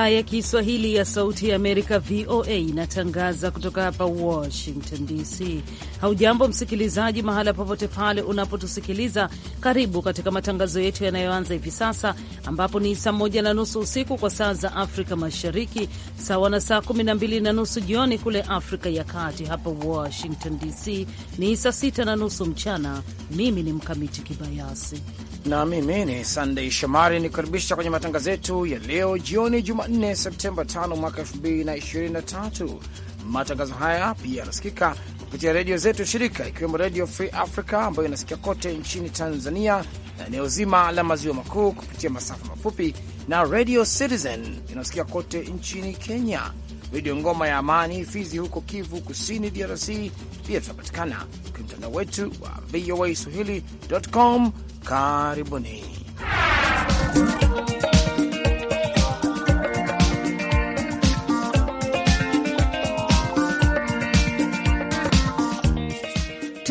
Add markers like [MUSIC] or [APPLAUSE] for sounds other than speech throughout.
Idhaa ya Kiswahili ya Sauti ya Amerika, VOA, inatangaza kutoka hapa Washington DC. Haujambo msikilizaji, mahala popote pale unapotusikiliza. Karibu katika matangazo yetu yanayoanza hivi sasa, ambapo ni saa moja na nusu usiku kwa saa za Afrika Mashariki, sawa na saa kumi na mbili na nusu jioni kule Afrika ya Kati. Hapa Washington DC ni saa sita na nusu mchana. Mimi ni Mkamiti Kibayasi na mimi ni sandey Shomari ni kukaribisha kwenye matangazo yetu ya leo jioni, Jumanne Septemba 5 mwaka 2023. Matangazo haya pia yanasikika kupitia redio zetu shirika, ikiwemo Redio Free Africa ambayo inasikika kote nchini Tanzania na eneo zima la maziwa makuu kupitia masafa mafupi na Radio Citizen inayosikika kote nchini Kenya video ngoma ya amani Fizi huko Kivu Kusini, DRC. Pia tunapatikana kwenye mtandao wetu wa VOA Swahili.com. Karibuni.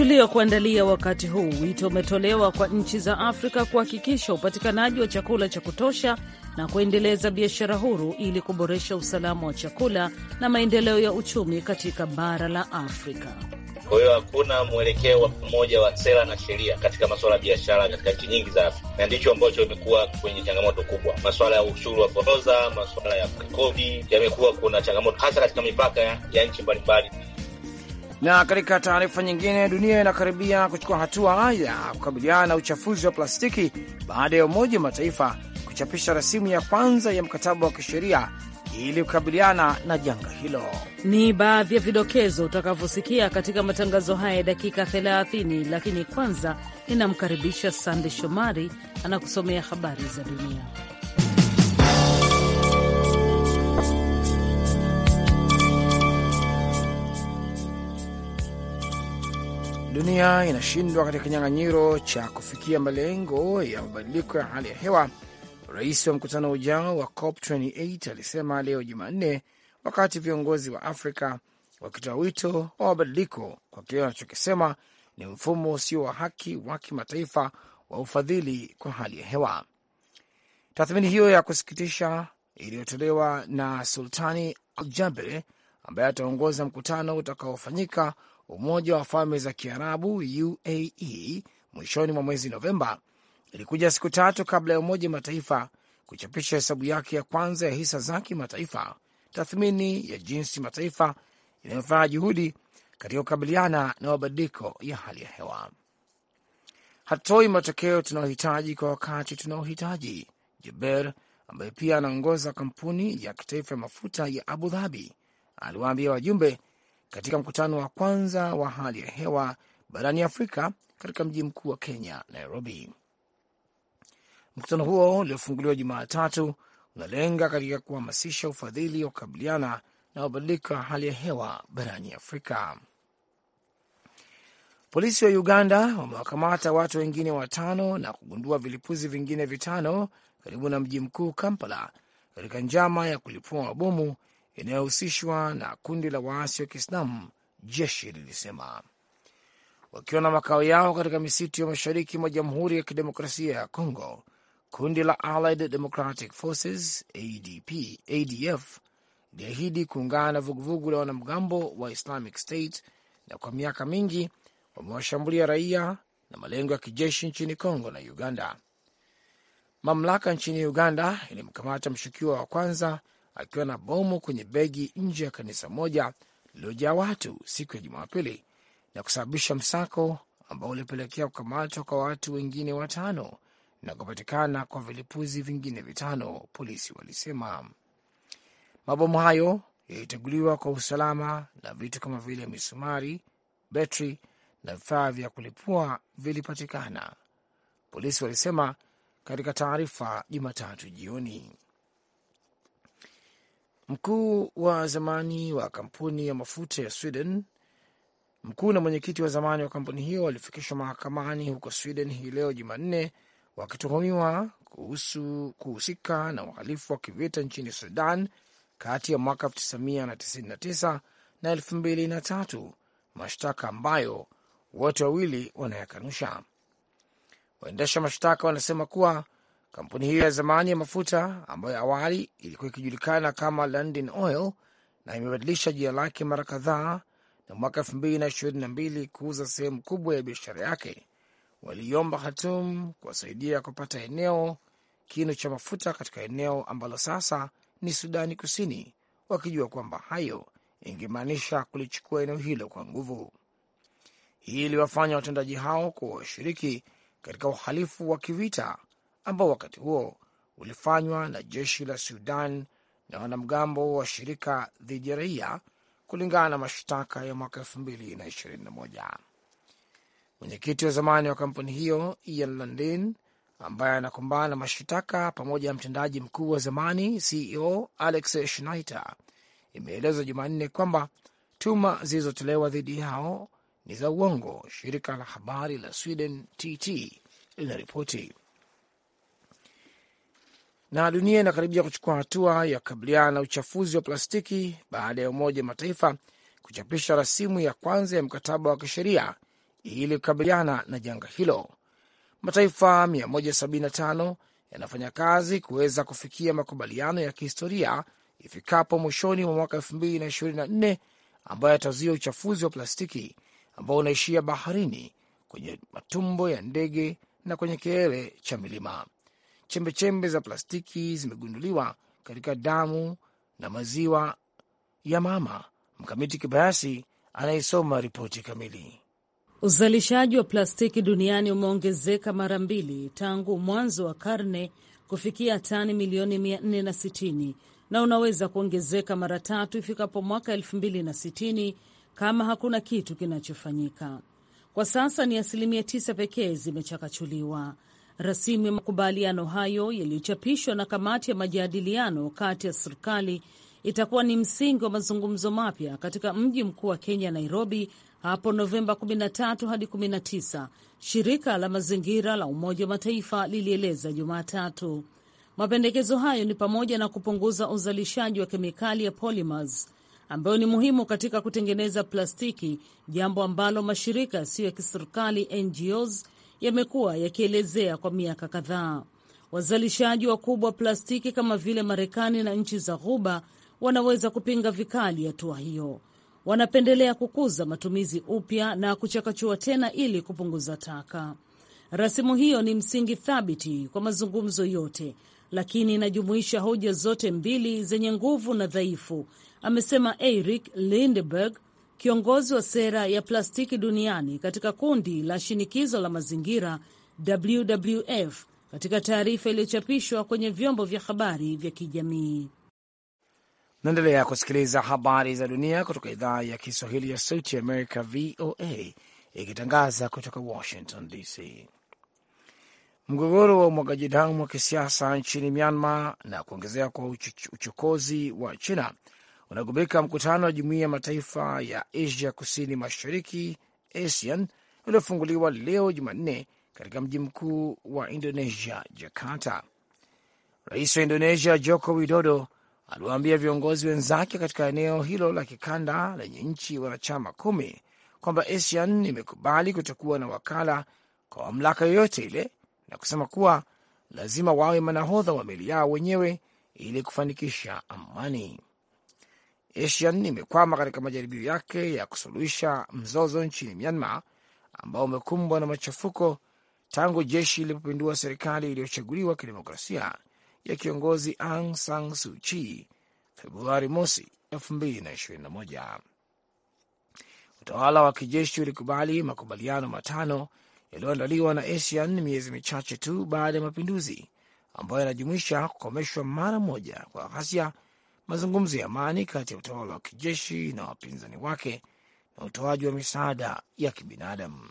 tuliokuandalia wakati huu. Wito umetolewa kwa nchi za Afrika kuhakikisha upatikanaji wa chakula cha kutosha na kuendeleza biashara huru ili kuboresha usalama wa chakula na maendeleo ya uchumi katika bara la Afrika. Kwa hiyo hakuna mwelekeo wa pamoja wa sera na sheria katika masuala ya biashara katika nchi nyingi za Afrika, na ndicho ambacho imekuwa kwenye changamoto kubwa. Masuala ya ushuru wa forodha, masuala ya kodi, yamekuwa kuna changamoto hasa katika mipaka ya nchi mbalimbali. Na katika taarifa nyingine, dunia inakaribia kuchukua hatua ya kukabiliana na uchafuzi wa plastiki baada ya Umoja wa Mataifa kuchapisha rasimu ya kwanza ya mkataba wa kisheria ili kukabiliana na janga hilo. Ni baadhi ya vidokezo utakavyosikia katika matangazo haya ya dakika 30, lakini kwanza ninamkaribisha Sande Shomari anakusomea habari za dunia. dunia inashindwa katika kinyang'anyiro cha kufikia malengo ya mabadiliko ya hali ya hewa, rais wa mkutano ujao wa COP 28 alisema leo Jumanne, wakati viongozi wa Afrika wakitoa wito wa mabadiliko kwa kile wanachokisema ni mfumo usio wa haki wa kimataifa wa ufadhili kwa hali ya hewa. Tathmini hiyo ya kusikitisha iliyotolewa na Sultani Al ambaye ataongoza mkutano utakaofanyika Umoja wa Falme za Kiarabu UAE mwishoni mwa mwezi Novemba ilikuja siku tatu kabla ya Umoja Mataifa kuchapisha hesabu yake ya kwanza ya hisa za kimataifa, tathmini ya jinsi mataifa inayofanya juhudi katika kukabiliana na mabadiliko ya hali ya hewa. Hatoi matokeo tunayohitaji kwa wakati tunaohitaji, Jeber ambaye pia anaongoza kampuni ya kitaifa ya mafuta ya Abu Dhabi aliwaambia wajumbe katika mkutano wa kwanza wa hali ya hewa barani Afrika katika mji mkuu wa Kenya, Nairobi. Mkutano huo uliofunguliwa Jumatatu unalenga katika kuhamasisha ufadhili wa kukabiliana na mabadiliko ya hali ya hewa barani Afrika. Polisi wa Uganda wamewakamata watu wengine watano na kugundua vilipuzi vingine vitano karibu na mji mkuu Kampala, katika njama ya kulipua mabomu inayohusishwa na kundi la waasi wa Kiislamu, jeshi lilisema, wakiwa na makao yao katika misitu ya mashariki mwa Jamhuri ya Kidemokrasia ya congo Kundi la Allied Democratic Forces ADP, ADF iliahidi kuungana na vuguvugu la wanamgambo wa Islamic State na kwa miaka mingi wamewashambulia raia na malengo ya kijeshi nchini congo na Uganda. Mamlaka nchini Uganda ilimkamata mshukiwa wa kwanza akiwa na bomu kwenye begi nje ya kanisa moja lililojaa watu siku ya Jumapili na kusababisha msako ambao ulipelekea kukamatwa kwa watu wengine watano na kupatikana kwa vilipuzi vingine vitano, polisi walisema. Mabomu hayo yaliteguliwa kwa usalama na vitu kama vile misumari, betri na vifaa vya kulipua vilipatikana, polisi walisema katika taarifa Jumatatu jioni. Mkuu wa zamani wa kampuni ya mafuta ya Sweden, mkuu na mwenyekiti wa zamani wa kampuni hiyo walifikishwa mahakamani huko Sweden hii leo Jumanne wakituhumiwa kuhusu kuhusika na uhalifu wa kivita nchini Sudan kati ya mwaka 1999 na 2003, mashtaka ambayo wote wawili wanayakanusha. Waendesha mashtaka wanasema kuwa Kampuni hiyo ya zamani ya mafuta ambayo awali ilikuwa ikijulikana kama London Oil na imebadilisha jina lake mara kadhaa, na mwaka mbili kuuza sehemu kubwa ya biashara yake, waliomba Khartoum kuwasaidia kupata eneo kinu cha mafuta katika eneo ambalo sasa ni Sudani Kusini, wakijua kwamba hayo ingemaanisha kulichukua eneo hilo kwa nguvu. Hii iliwafanya watendaji hao kuwa washiriki katika uhalifu wa kivita ambao wakati huo ulifanywa na jeshi la Sudan na wanamgambo wa shirika dhidi ya raia, kulingana na mashtaka ya mwaka 221 Mwenyekiti wa zamani wa kampuni hiyo Ian Landin, ambaye anakumbana na mashtaka pamoja na mtendaji mkuu wa zamani CEO Alex Schneider, imeelezwa Jumanne kwamba tuma zilizotolewa dhidi yao ni za uongo, shirika la habari la Sweden TT linaripoti. Na dunia inakaribia kuchukua hatua ya kukabiliana na uchafuzi wa plastiki baada ya Umoja Mataifa kuchapisha rasimu ya kwanza ya mkataba wa kisheria ili kukabiliana na janga hilo. Mataifa 175 yanafanya kazi kuweza kufikia makubaliano ya kihistoria ifikapo mwishoni mwa mwaka 2024 ambayo yatazuia uchafuzi wa plastiki ambao unaishia baharini, kwenye matumbo ya ndege na kwenye kilele cha milima chembechembe za plastiki zimegunduliwa katika damu na maziwa ya mama. Mkamiti Kibayasi anayesoma ripoti kamili. Uzalishaji wa plastiki duniani umeongezeka mara mbili tangu mwanzo wa karne kufikia tani milioni 460 na unaweza kuongezeka mara tatu ifikapo mwaka 2060 kama hakuna kitu kinachofanyika. Kwa sasa ni asilimia tisa pekee zimechakachuliwa. Rasimu ya makubaliano hayo yaliyochapishwa na kamati ya majadiliano kati ya serikali itakuwa ni msingi wa mazungumzo mapya katika mji mkuu wa Kenya, Nairobi, hapo Novemba 13 hadi 19, shirika la mazingira la Umoja wa Mataifa lilieleza Jumatatu. Mapendekezo hayo ni pamoja na kupunguza uzalishaji wa kemikali ya polymers ambayo ni muhimu katika kutengeneza plastiki, jambo ambalo mashirika yasiyo ya kiserikali NGOs yamekuwa yakielezea kwa miaka kadhaa. Wazalishaji wakubwa wa plastiki kama vile Marekani na nchi za Ghuba wanaweza kupinga vikali hatua hiyo. Wanapendelea kukuza matumizi upya na kuchakachua tena ili kupunguza taka. Rasimu hiyo ni msingi thabiti kwa mazungumzo yote, lakini inajumuisha hoja zote mbili zenye nguvu na dhaifu, amesema Eric Lindeberg, kiongozi wa sera ya plastiki duniani katika kundi la shinikizo la mazingira WWF katika taarifa iliyochapishwa kwenye vyombo vya habari vya kijamii. Naendelea kusikiliza habari za dunia kutoka idhaa ya Kiswahili ya Sauti ya Amerika, VOA, ikitangaza kutoka Washington DC. Mgogoro wa umwagaji damu wa kisiasa nchini Myanmar na kuongezea kwa uchokozi wa China unagubika mkutano wa jumuiya ya mataifa ya Asia kusini mashariki ASEAN uliofunguliwa leo Jumanne katika mji mkuu wa Indonesia, Jakarta. Rais wa Indonesia Joko Widodo aliwaambia viongozi wenzake katika eneo hilo la kikanda lenye nchi wanachama kumi kwamba ASEAN imekubali kutokuwa na wakala kwa mamlaka yoyote ile na kusema kuwa lazima wawe manahodha wa meli yao wenyewe ili kufanikisha amani. ASEAN imekwama katika majaribio yake ya kusuluhisha mzozo nchini Myanmar ambao umekumbwa na machafuko tangu jeshi lilipopindua serikali iliyochaguliwa kidemokrasia ya kiongozi Aung San Suu Kyi Februari mosi 2021. Utawala wa kijeshi ulikubali makubaliano matano yaliyoandaliwa na ASEAN miezi michache tu baada ya mapinduzi ambayo yanajumuisha kukomeshwa mara moja kwa ghasia mazungumzo ya amani kati ya utawala wa kijeshi na wapinzani wake na utoaji wa misaada ya kibinadamu.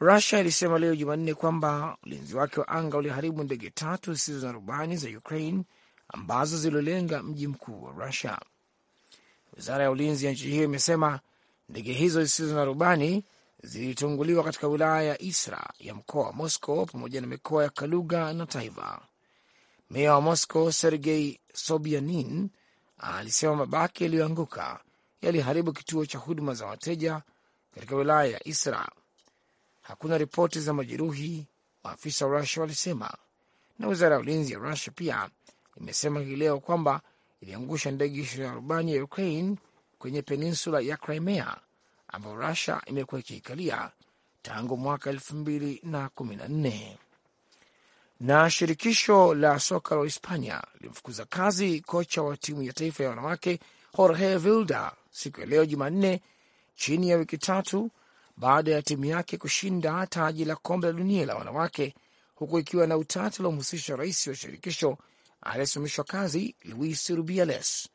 Rusia ilisema leo Jumanne kwamba ulinzi wake wa anga uliharibu ndege tatu zisizo na rubani za Ukraine ambazo zililenga mji mkuu wa Rusia. Wizara ya ulinzi ya nchi hiyo imesema ndege hizo zisizo na rubani zilitunguliwa katika wilaya ya Isra ya mkoa wa Moscow pamoja na mikoa ya Kaluga na Taiva. Meya wa Moscow Sergei sobianin alisema mabaki yaliyoanguka yaliharibu kituo cha huduma za wateja katika wilaya ya Isra. Hakuna ripoti za majeruhi, maafisa wa Rusia walisema, na wizara ya ulinzi ya Rusia pia imesema hii leo kwamba iliangusha ndege ishirini na rubani ya Ukraine kwenye peninsula ya Crimea ambayo Rusia imekuwa ikiikalia tangu mwaka elfu mbili na kumi na nne. Na shirikisho la soka la Hispania limfukuza kazi kocha wa timu ya taifa ya wanawake Jorge Vilda siku ya leo Jumanne, chini ya wiki tatu baada ya timu yake kushinda taji la kombe la dunia la wanawake, huku ikiwa na utata uliomhusisha rais wa shirikisho aliyesimamishwa kazi Luis Rubiales.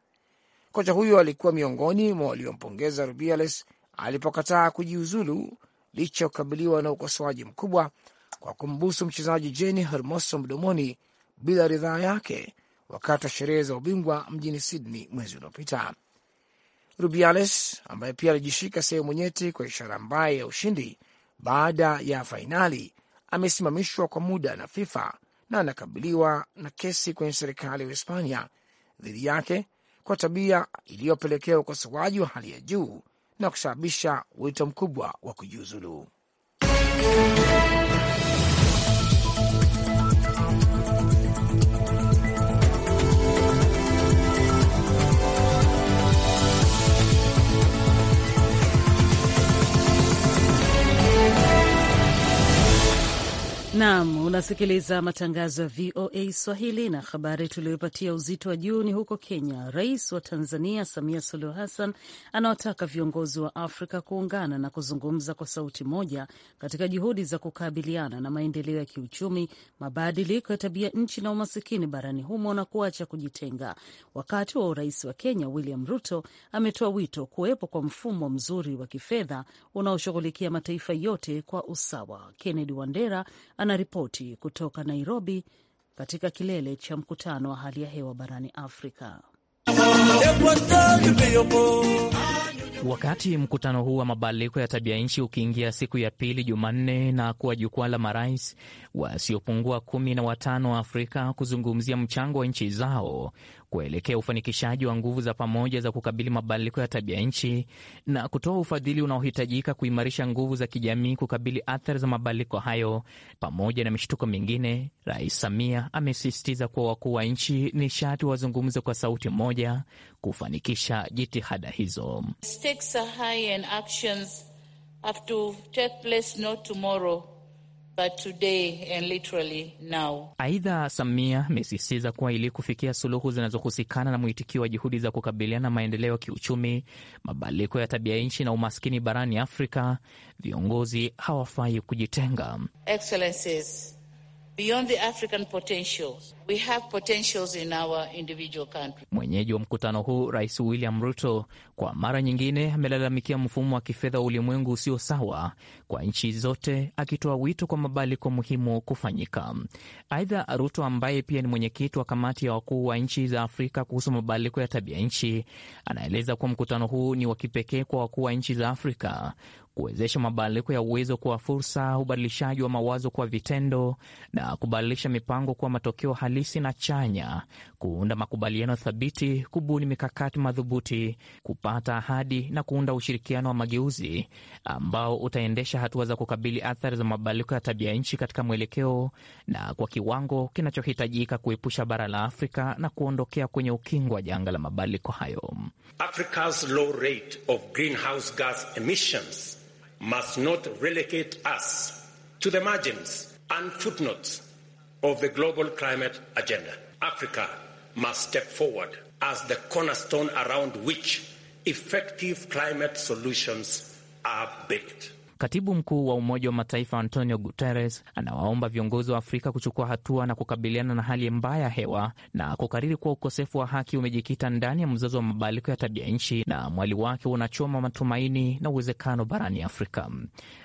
Kocha huyo alikuwa miongoni mwa waliompongeza Rubiales alipokataa kujiuzulu licha ya kukabiliwa na ukosoaji mkubwa kwa kumbusu mchezaji Jenny Hermoso mdomoni bila ridhaa yake wakati wa sherehe za ubingwa mjini Sydney mwezi uliopita. Rubiales ambaye pia alijishika sehemu nyeti kwa ishara mbaya ya ushindi baada ya fainali amesimamishwa kwa muda na FIFA na anakabiliwa na kesi kwenye serikali ya Hispania dhidi yake kwa tabia iliyopelekea ukosoaji wa hali ya juu na kusababisha wito mkubwa wa kujiuzulu. Naam, unasikiliza matangazo ya VOA Swahili na habari tuliyopatia uzito wa juu ni huko Kenya. Rais wa Tanzania Samia Suluhu Hassan anawataka viongozi wa Afrika kuungana na kuzungumza kwa sauti moja katika juhudi za kukabiliana na maendeleo ya kiuchumi, mabadiliko ya tabia nchi na umasikini barani humo na kuacha kujitenga. Wakati wa urais wa Kenya, William Ruto ametoa wito kuwepo kwa mfumo mzuri wa kifedha unaoshughulikia mataifa yote kwa usawa. Kennedy Wandera anaripoti kutoka Nairobi katika kilele cha mkutano wa hali ya hewa barani Afrika. Wakati mkutano huu wa mabadiliko ya tabia nchi ukiingia siku ya pili Jumanne na kuwa jukwaa la marais wasiopungua kumi na watano wa Afrika kuzungumzia mchango wa nchi zao, kuelekea ufanikishaji wa nguvu za pamoja za kukabili mabadiliko ya tabia nchi na kutoa ufadhili unaohitajika kuimarisha nguvu za kijamii kukabili athari za mabadiliko hayo pamoja na mishtuko mingine. Rais Samia amesisitiza kuwa wakuu wa nchi ni sharti wazungumze kwa sauti moja kufanikisha jitihada hizo. Stakes are high and actions have to take place not tomorrow Aidha, Samia amesisitiza kuwa ili kufikia suluhu zinazohusikana na mwitikio wa juhudi za kukabiliana maendeleo ya kiuchumi, mabadiliko ya tabia nchi na umaskini barani Afrika, viongozi hawafai kujitenga. Excellencies. Mwenyeji wa mkutano huu Rais William Ruto kwa mara nyingine amelalamikia mfumo wa kifedha wa ulimwengu usio sawa kwa nchi zote, akitoa wito kwa mabadiliko muhimu kufanyika. Aidha, Ruto ambaye pia ni mwenyekiti wa kamati ya wakuu wa nchi za Afrika kuhusu mabadiliko ya tabia nchi, anaeleza kuwa mkutano huu ni wa kipekee kwa wakuu wa nchi za Afrika kuwezesha mabadiliko ya uwezo kuwa fursa, ubadilishaji wa mawazo kwa vitendo, na kubadilisha mipango kuwa matokeo halisi na chanya, kuunda makubaliano thabiti, kubuni mikakati madhubuti, kupata ahadi na kuunda ushirikiano wa mageuzi ambao utaendesha hatua za kukabili athari za mabadiliko ya tabia nchi katika mwelekeo na kwa kiwango kinachohitajika kuepusha bara la Afrika na kuondokea kwenye ukingo wa janga la mabadiliko hayo. must not relegate us to the margins and footnotes of the global climate agenda. Africa must step forward as the cornerstone around which effective climate solutions are built. Katibu mkuu wa Umoja wa Mataifa Antonio Guterres anawaomba viongozi wa Afrika kuchukua hatua na kukabiliana na hali mbaya ya hewa na kukariri kuwa ukosefu wa haki umejikita ndani ya mzozo wa mabadiliko ya tabia nchi na mwali wake unachoma matumaini na uwezekano barani Afrika.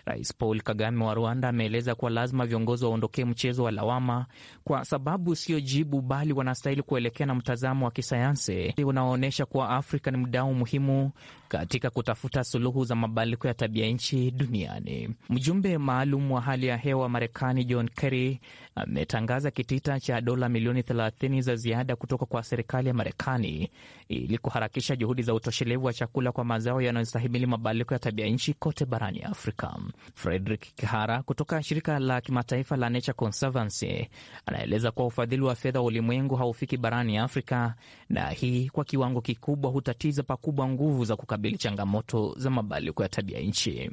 Rais Paul Kagame wa Rwanda ameeleza kuwa lazima viongozi waondokee mchezo wa lawama kwa sababu sio jibu, bali wanastahili kuelekea na mtazamo wa kisayansi unaoonyesha kuwa Afrika ni mdau muhimu katika kutafuta suluhu za mabadiliko ya tabia nchi duniani. Mjumbe maalum wa hali ya hewa Marekani John Kerry ametangaza kitita cha dola milioni 30 za ziada kutoka kwa serikali ya Marekani ili kuharakisha juhudi za utoshelevu wa chakula kwa mazao yanayostahimili mabadiliko ya tabia nchi kote barani Afrika. Frederick Kihara kutoka shirika la kimataifa la Nature Conservancy anaeleza kuwa ufadhili wa fedha wa ulimwengu haufiki barani Afrika, na hii kwa kiwango kikubwa hutatiza pakubwa nguvu za kukabili changamoto za mabadiliko ya tabia nchi.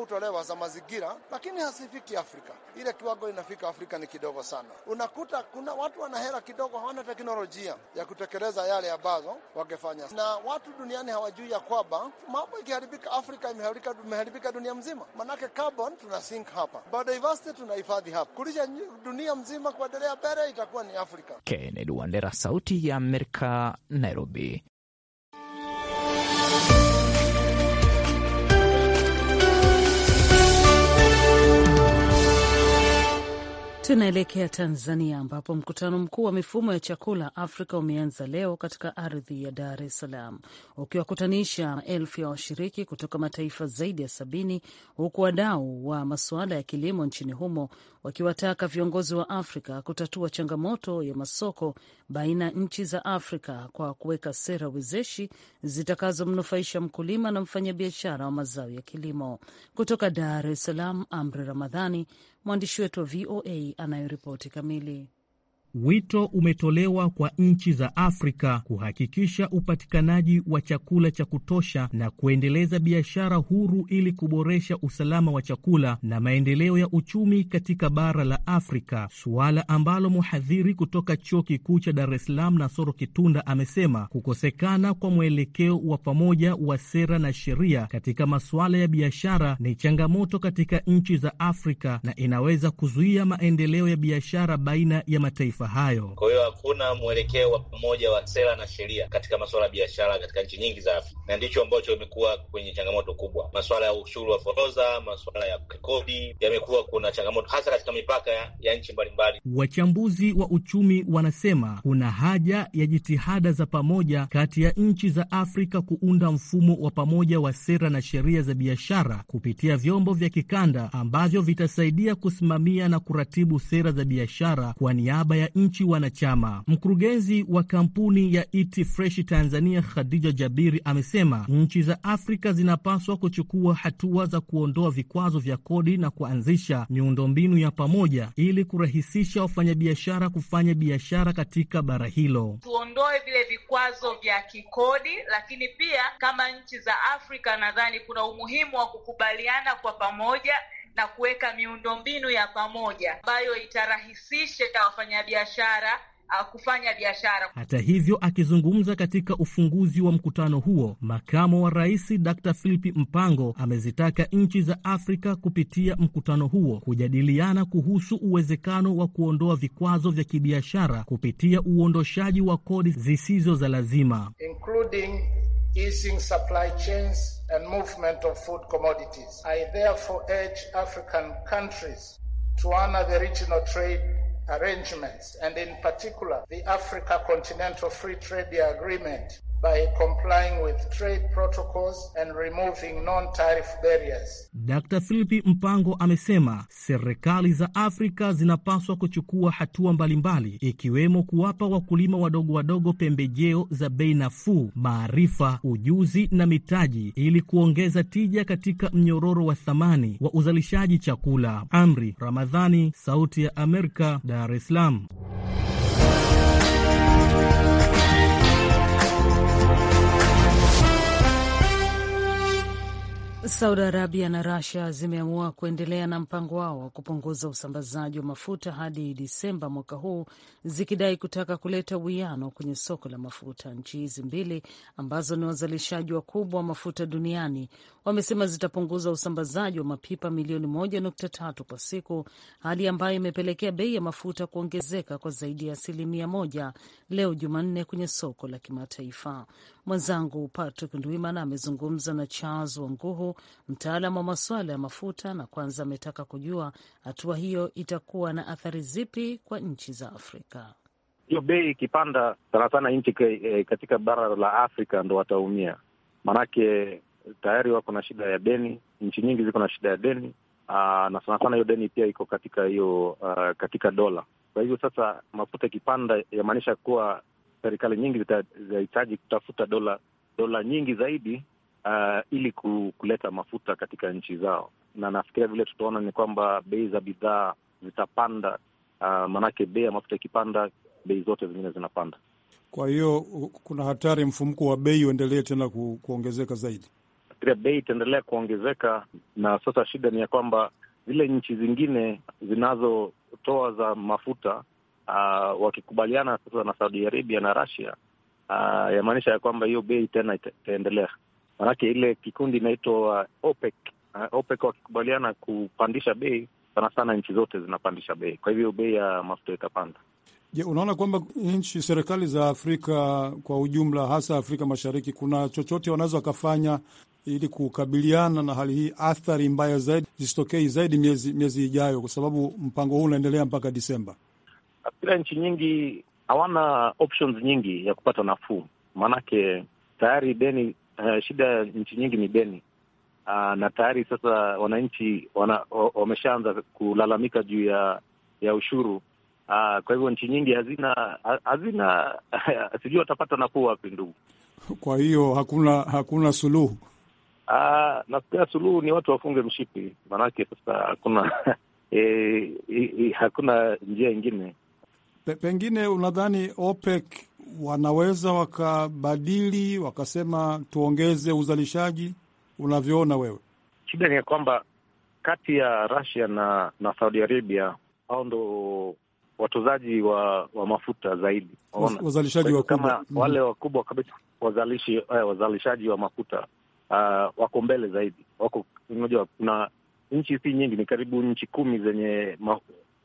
hutolewa za mazingira, lakini hasifiki Afrika. Ile kiwango inafika Afrika ni kidogo sana. Unakuta kuna watu wana hela kidogo, hawana teknolojia ya kutekeleza yale ambazo wangefanya, na watu duniani hawajui ya kwamba mambo ikiharibika, Afrika imeharibika dunia mzima, manake carbon tuna sink hapa, biodiversity tunahifadhi hapa, kulisha dunia mzima kuendelea mbele itakuwa ni Afrika. Kennedy Wandera, Sauti ya Amerika, Nairobi. Tunaelekea Tanzania ambapo mkutano mkuu wa mifumo ya chakula Afrika umeanza leo katika ardhi ya Dar es Salaam ukiwakutanisha maelfu ya washiriki kutoka mataifa zaidi ya sabini huku wadau wa masuala ya kilimo nchini humo wakiwataka viongozi wa Afrika kutatua changamoto ya masoko baina ya nchi za Afrika kwa kuweka sera wezeshi zitakazomnufaisha mkulima na mfanyabiashara wa mazao ya kilimo. Kutoka Dar es Salaam, Amri Ramadhani, mwandishi wetu wa VOA anayoripoti kamili. Wito umetolewa kwa nchi za Afrika kuhakikisha upatikanaji wa chakula cha kutosha na kuendeleza biashara huru ili kuboresha usalama wa chakula na maendeleo ya uchumi katika bara la Afrika, suala ambalo mhadhiri kutoka Chuo Kikuu cha Dar es Salaam Soro Kitunda amesema kukosekana kwa mwelekeo wa pamoja wa sera na sheria katika masuala ya biashara ni changamoto katika nchi za Afrika na inaweza kuzuia maendeleo ya biashara baina ya mataifa mataifa hayo. Kwa hiyo hakuna mwelekeo wa pamoja wa sera na sheria katika masuala ya biashara katika nchi nyingi za Afrika, na ndicho ambacho imekuwa kwenye changamoto kubwa. Masuala ya ushuru wa forodha, masuala ya kodi yamekuwa kuna changamoto hasa katika mipaka ya, ya nchi mbalimbali. Wachambuzi wa uchumi wanasema kuna haja ya jitihada za pamoja kati ya nchi za Afrika kuunda mfumo wa pamoja wa sera na sheria za biashara kupitia vyombo vya kikanda ambavyo vitasaidia kusimamia na kuratibu sera za biashara kwa niaba ya nchi wanachama. Mkurugenzi wa kampuni ya Eat Fresh Tanzania, Khadija Jabiri, amesema nchi za Afrika zinapaswa kuchukua hatua za kuondoa vikwazo vya kodi na kuanzisha miundombinu ya pamoja ili kurahisisha wafanyabiashara kufanya biashara katika bara hilo. Tuondoe vile vikwazo vya kikodi, lakini pia kama nchi za Afrika nadhani kuna umuhimu wa kukubaliana kwa pamoja na kuweka miundombinu ya pamoja ambayo itarahisisha wafanyabiashara uh, kufanya biashara. Hata hivyo, akizungumza katika ufunguzi wa mkutano huo, makamo wa rais Dr. Philip Mpango amezitaka nchi za Afrika kupitia mkutano huo kujadiliana kuhusu uwezekano wa kuondoa vikwazo vya kibiashara kupitia uondoshaji wa kodi zisizo za lazima including easing supply chains and movement of food commodities. I therefore urge African countries to honor the regional trade arrangements and in particular the Africa Continental Free Trade Agreement by complying with trade protocols and removing non-tariff barriers. Dr. Philip Mpango amesema serikali za Afrika zinapaswa kuchukua hatua mbalimbali ikiwemo kuwapa wakulima wadogo wadogo pembejeo za bei nafuu, maarifa, ujuzi na mitaji ili kuongeza tija katika mnyororo wa thamani wa uzalishaji chakula. Amri Ramadhani, Sauti ya Amerika, Dar es Salaam. Saudi Arabia na rasia zimeamua kuendelea na mpango wao wa kupunguza usambazaji wa mafuta hadi Disemba mwaka huu, zikidai kutaka kuleta uwiano kwenye soko la mafuta. Nchi hizi mbili ambazo ni wazalishaji wakubwa wa mafuta duniani wamesema zitapunguza usambazaji wa mapipa milioni 1.3 kwa siku, hali ambayo imepelekea bei ya mafuta kuongezeka kwa zaidi ya asilimia moja leo Jumanne kwenye soko la kimataifa. Mwenzangu Patrick Ndwimana amezungumza na Charles Wanguhu, mtaalam wa masuala ya mafuta, na kwanza ametaka kujua hatua hiyo itakuwa na athari zipi kwa nchi za Afrika. Hiyo bei ikipanda sana sana nchi eh, katika bara la Afrika ndo wataumia, maanake tayari wako na shida ya deni. Nchi nyingi ziko na shida ya deni aa, ah, na sana sana hiyo deni pia iko katika hiyo uh, katika dola. Kwa hivyo sasa mafuta ikipanda, yamaanisha kuwa serikali nyingi zitahitaji kutafuta dola dola nyingi zaidi uh, ili kuleta mafuta katika nchi zao, na nafikiria vile tutaona ni kwamba bei za bidhaa zitapanda. Uh, maanake bei ya mafuta ikipanda, bei zote zingine zinapanda. Kwa hiyo kuna hatari mfumko wa bei uendelee tena ku, kuongezeka zaidi nafikiria bei itaendelea kuongezeka, na sasa shida ni ya kwamba zile nchi zingine zinazotoa za mafuta uh, wakikubaliana sasa na Saudi Arabia na Russia uh, yamaanisha ya kwamba hiyo bei tena itaendelea, manake ile kikundi inaitwa ah, OPEC. Uh, OPEC wakikubaliana kupandisha bei, sana sana nchi zote zinapandisha bei, kwa hivyo bei ya mafuta itapanda. Je, unaona kwamba nchi serikali za Afrika kwa ujumla hasa Afrika Mashariki kuna chochote wanaweza wakafanya ili kukabiliana na hali hii, athari mbaya zaidi zisitokei zaidi miezi miezi ijayo, kwa sababu mpango huu unaendelea mpaka Disemba. Kila nchi nyingi hawana options nyingi ya kupata nafuu, maanake tayari deni uh, eh, shida ya nchi nyingi ni deni uh, ah, na tayari sasa wananchi wameshaanza kulalamika juu ya ya ushuru uh, kwa hivyo nchi nyingi hazina hazina [LAUGHS] sijui watapata nafuu wapi, ndugu. Kwa hiyo hakuna hakuna suluhu Uh, nasikia suluhu ni watu wafunge mshipi, maanake sasa hakuna [LAUGHS] e, e, e, hakuna njia ingine. Pe, pengine unadhani OPEC wanaweza wakabadili wakasema tuongeze uzalishaji unavyoona wewe? Shida ni ya kwamba kati ya Russia na, na Saudi Arabia, au ndo watozaji wa, wa mafuta zaidi, wazalishaji wakubwa, kama wale wakubwa kabisa wazalishi, eh, wazalishaji wa mafuta uh, wako mbele zaidi, wako unajua, kuna nchi si nyingi, ni karibu nchi kumi zenye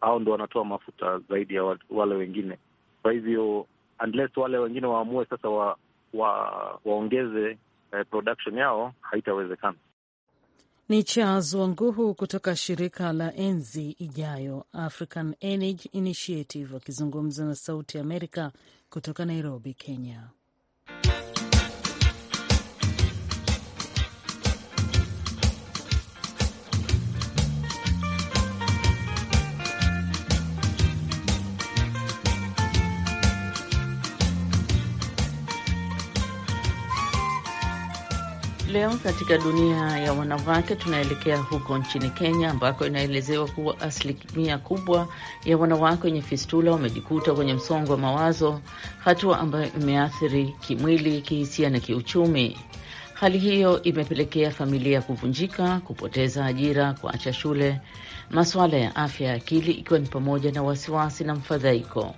hao ndo wanatoa mafuta zaidi ya wale wengine. Kwa hivyo unless wale wengine waamue sasa wa, wa, waongeze eh, production yao haitawezekana. Ni Charles Wanguhu kutoka shirika la Enzi Ijayo African Energy Initiative akizungumza na Sauti Amerika kutoka Nairobi, Kenya. leo katika dunia ya wanawake, tunaelekea huko nchini Kenya ambako inaelezewa kuwa asilimia kubwa ya wanawake wenye fistula wamejikuta kwenye msongo wa mawazo, hatua ambayo imeathiri kimwili, kihisia na kiuchumi. Hali hiyo imepelekea familia kuvunjika, kupoteza ajira, kuacha shule, masuala ya afya ya akili, ikiwa ni pamoja na wasiwasi na mfadhaiko.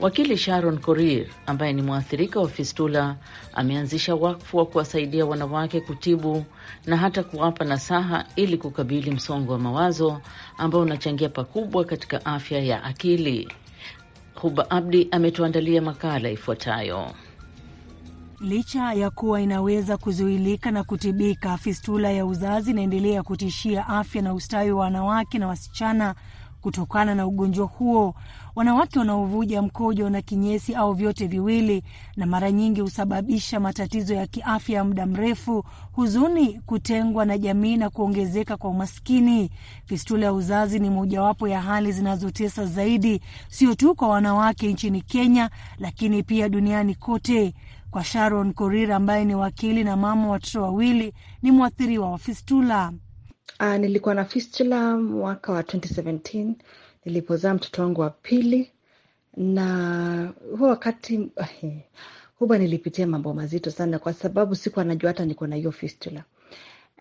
Wakili Sharon Korir ambaye ni mwathirika wa fistula ameanzisha wakfu wa kuwasaidia wanawake kutibu na hata kuwapa nasaha ili kukabili msongo wa mawazo ambao unachangia pakubwa katika afya ya akili. Huba Abdi ametuandalia makala ifuatayo. Licha ya kuwa inaweza kuzuilika na kutibika, fistula ya uzazi inaendelea kutishia afya na ustawi wa wanawake na wasichana kutokana na ugonjwa huo. Wanawake wanaovuja mkojo na kinyesi au vyote viwili, na mara nyingi husababisha matatizo ya kiafya ya muda mrefu, huzuni, kutengwa na jamii na kuongezeka kwa umaskini. Fistula ya uzazi ni mojawapo ya hali zinazotesa zaidi, sio tu kwa wanawake nchini Kenya, lakini pia duniani kote. Kwa Sharon korir ambaye ni wakili na mama watoto wawili, ni mwathiriwa wa fistula. Uh, nilikuwa na fistula mwaka wa 2017 nilipozaa mtoto wangu wa pili, na huo wakati eh, huba nilipitia mambo mazito sana, kwa sababu sikuwa najua hata niko na hiyo fistula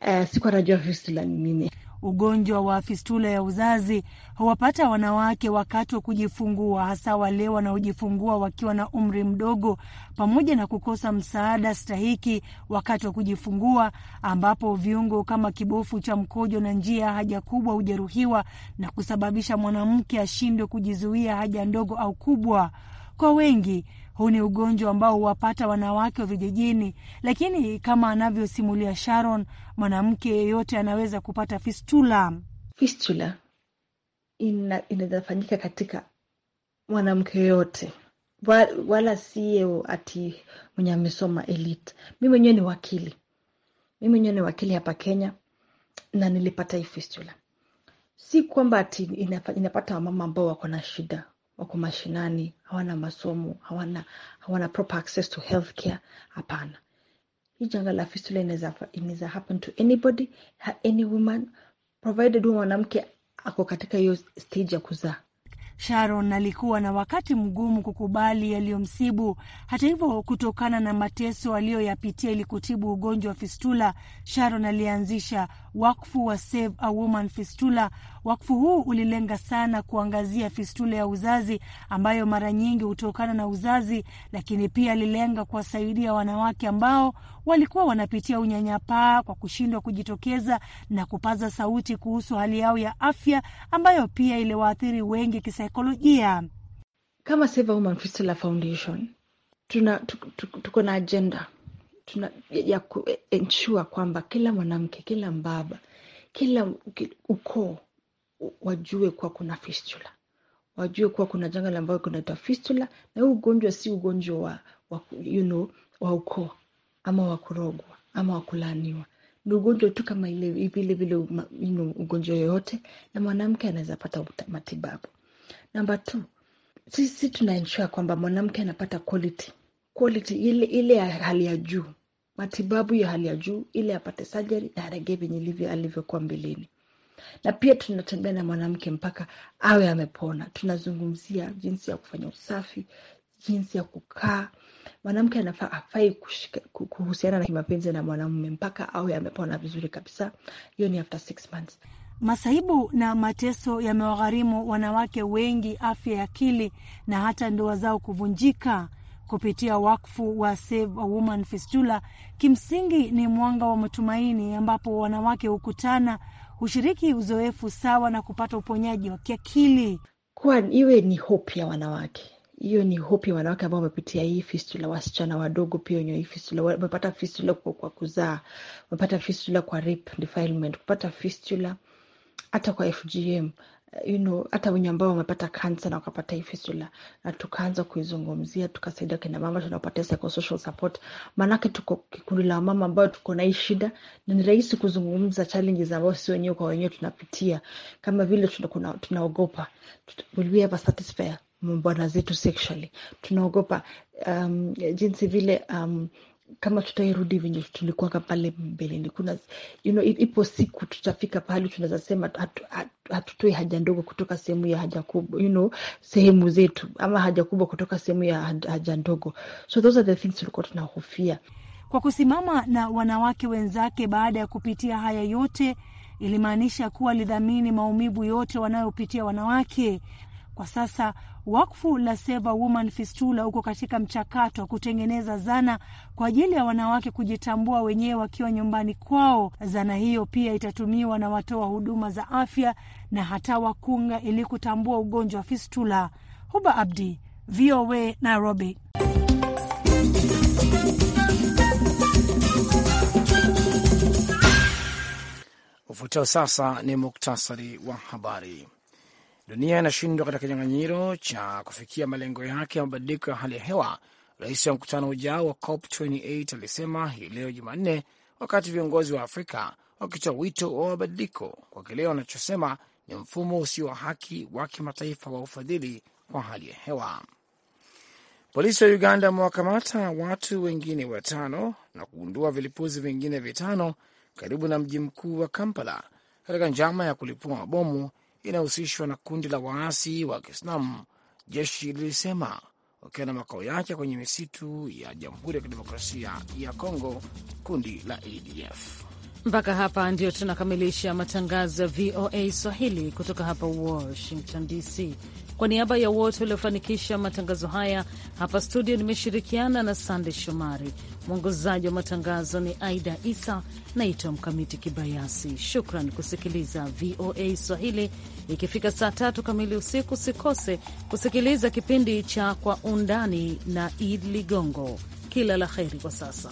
eh, sikuwa fistula ni nini. Ugonjwa wa fistula ya uzazi huwapata wanawake wakati wa kujifungua, hasa wale wanaojifungua wakiwa na umri mdogo, pamoja na kukosa msaada stahiki wakati wa kujifungua, ambapo viungo kama kibofu cha mkojo na njia ya haja kubwa hujeruhiwa na kusababisha mwanamke ashindwe kujizuia haja ndogo au kubwa. Kwa wengi huu ni ugonjwa ambao huwapata wanawake wa vijijini, lakini kama anavyosimulia Sharon, mwanamke yeyote anaweza kupata fistula. Fistula inaweza fanyika katika mwanamke yoyote, wala siye ati mwenye amesoma elite. Mi mwenyewe ni wakili, mi mwenyewe ni wakili hapa Kenya na nilipata hii fistula. Si kwamba ati inapata wamama ambao wako na shida wako mashinani, hawana masomo, hawana, hawana proper access to health care. Hapana, hii janga la fistula inaweza happen to anybody, any woman, provided huyo mwanamke ako katika hiyo stage ya kuzaa. Sharon alikuwa na wakati mgumu kukubali yaliyomsibu. Hata hivyo, kutokana na mateso aliyoyapitia ili kutibu ugonjwa wa fistula, Sharon alianzisha wakfu wa Save a Woman Fistula. Wakfu huu ulilenga sana kuangazia fistula ya uzazi ambayo mara nyingi hutokana na uzazi, lakini pia alilenga kuwasaidia wanawake ambao walikuwa wanapitia unyanyapaa kwa kushindwa kujitokeza na kupaza sauti kuhusu hali yao ya afya ambayo pia iliwaathiri wengi kisa saikolojia. Kama Save Women Fistula Foundation tuna tuko na ajenda tuna, ya kuensure kwamba kila mwanamke, kila mbaba, kila ukoo wajue kuwa kuna fistula, wajue kuwa kuna janga ambayo kunaitwa fistula, na huu ugonjwa si ugonjwa wa, wa, you know, wa ukoo ama wa kurogwa ama wa kulaaniwa ni ugonjwa tu kama vile vile ugonjwa yoyote, na mwanamke anaweza pata matibabu. Namba two, sisi tunaensure kwamba mwanamke anapata quality quality ile ile ya hali ya juu, matibabu ya hali ya juu, ile apate surgery na aregee venye ilivyo alivyokuwa mbeleni. Na pia tunatembea na mwanamke mpaka awe amepona. Tunazungumzia jinsi ya kufanya usafi, jinsi ya kukaa. Mwanamke anafaa afai kuhusiana na kimapenzi na mwanamume mpaka awe amepona vizuri kabisa. Hiyo ni after six months. Masaibu na mateso yamewagharimu wanawake wengi afya ya akili na hata ndoa zao kuvunjika. Kupitia wakfu wa Save a Woman Fistula, kimsingi ni mwanga wa matumaini, ambapo wanawake hukutana, hushiriki uzoefu sawa na kupata uponyaji wa kiakili. Kwa iwe ni hope ya wanawake, hiyo ni hope ya wanawake ambao wamepitia hii fistula. Wasichana wadogo pia wenye hii fistula wamepata fistula kwa, kuzaa, wamepata fistula kwa rape, defilement, kupata fistula hata kwa fgm eh, you know, hata wenye ambao wamepata kansa na wakapata hii fistula, na tukaanza kuizungumzia, tukasaidia kina mama tunapatia psychosocial support, maanake tuko kikundi la mama ambayo tuko na hii shida, na ni rahisi kuzungumza challenges ambao si wenyewe kwa wenyewe tunapitia, kama vile tunaogopa will we ever satisfy bwana zetu sexually, tunaogopa um, jinsi vile um, kama tutairudi venye tulikuwaga pale mbeleni, kuna you know, ipo siku tutafika pahali tunazasema sema hatutoi haja ndogo kutoka sehemu ya haja kubwa, you know, sehemu zetu ama haja kubwa kutoka sehemu ya haja ndogo. So those are the things tulikuwa tunahofia. Kwa kusimama na wanawake wenzake baada ya kupitia haya yote ilimaanisha kuwa alidhamini maumivu yote wanayopitia wanawake kwa sasa wakfu la Save a Woman Fistula uko katika mchakato wa kutengeneza zana kwa ajili ya wanawake kujitambua wenyewe wakiwa nyumbani kwao. Zana hiyo pia itatumiwa na watoa huduma za afya na hata wakunga ili kutambua ugonjwa wa fistula. Huba Abdi, VOA, Nairobi. Ufuatao sasa ni muktasari wa habari dunia inashindwa katika kinyang'anyiro cha kufikia malengo yake ya mabadiliko ya hali ya hewa, rais wa mkutano ujao wa COP 28 alisema hii leo Jumanne, wakati viongozi wa Afrika wakitoa wito wa mabadiliko kwa kile wanachosema ni mfumo usio wa haki wa kimataifa wa ufadhili wa hali ya hewa. Polisi wa Uganda wamewakamata watu wengine watano na kugundua vilipuzi vingine vitano karibu na mji mkuu wa Kampala katika njama ya kulipua mabomu inayohusishwa na kundi la waasi wa Kiislamu, jeshi lilisema, wakiwa na makao yake kwenye misitu ya Jamhuri ya Kidemokrasia ya Kongo, kundi la ADF. Mpaka hapa ndio tunakamilisha matangazo ya VOA Swahili kutoka hapa Washington DC. Kwa niaba ya wote waliofanikisha matangazo haya hapa studio, nimeshirikiana na Sande Shomari. Mwongozaji wa matangazo ni Aida Isa. Naitwa Mkamiti Kibayasi. Shukran kusikiliza VOA Swahili. Ikifika saa tatu kamili usiku, usikose kusikiliza kipindi cha Kwa Undani na Id Ligongo. Kila la heri kwa sasa.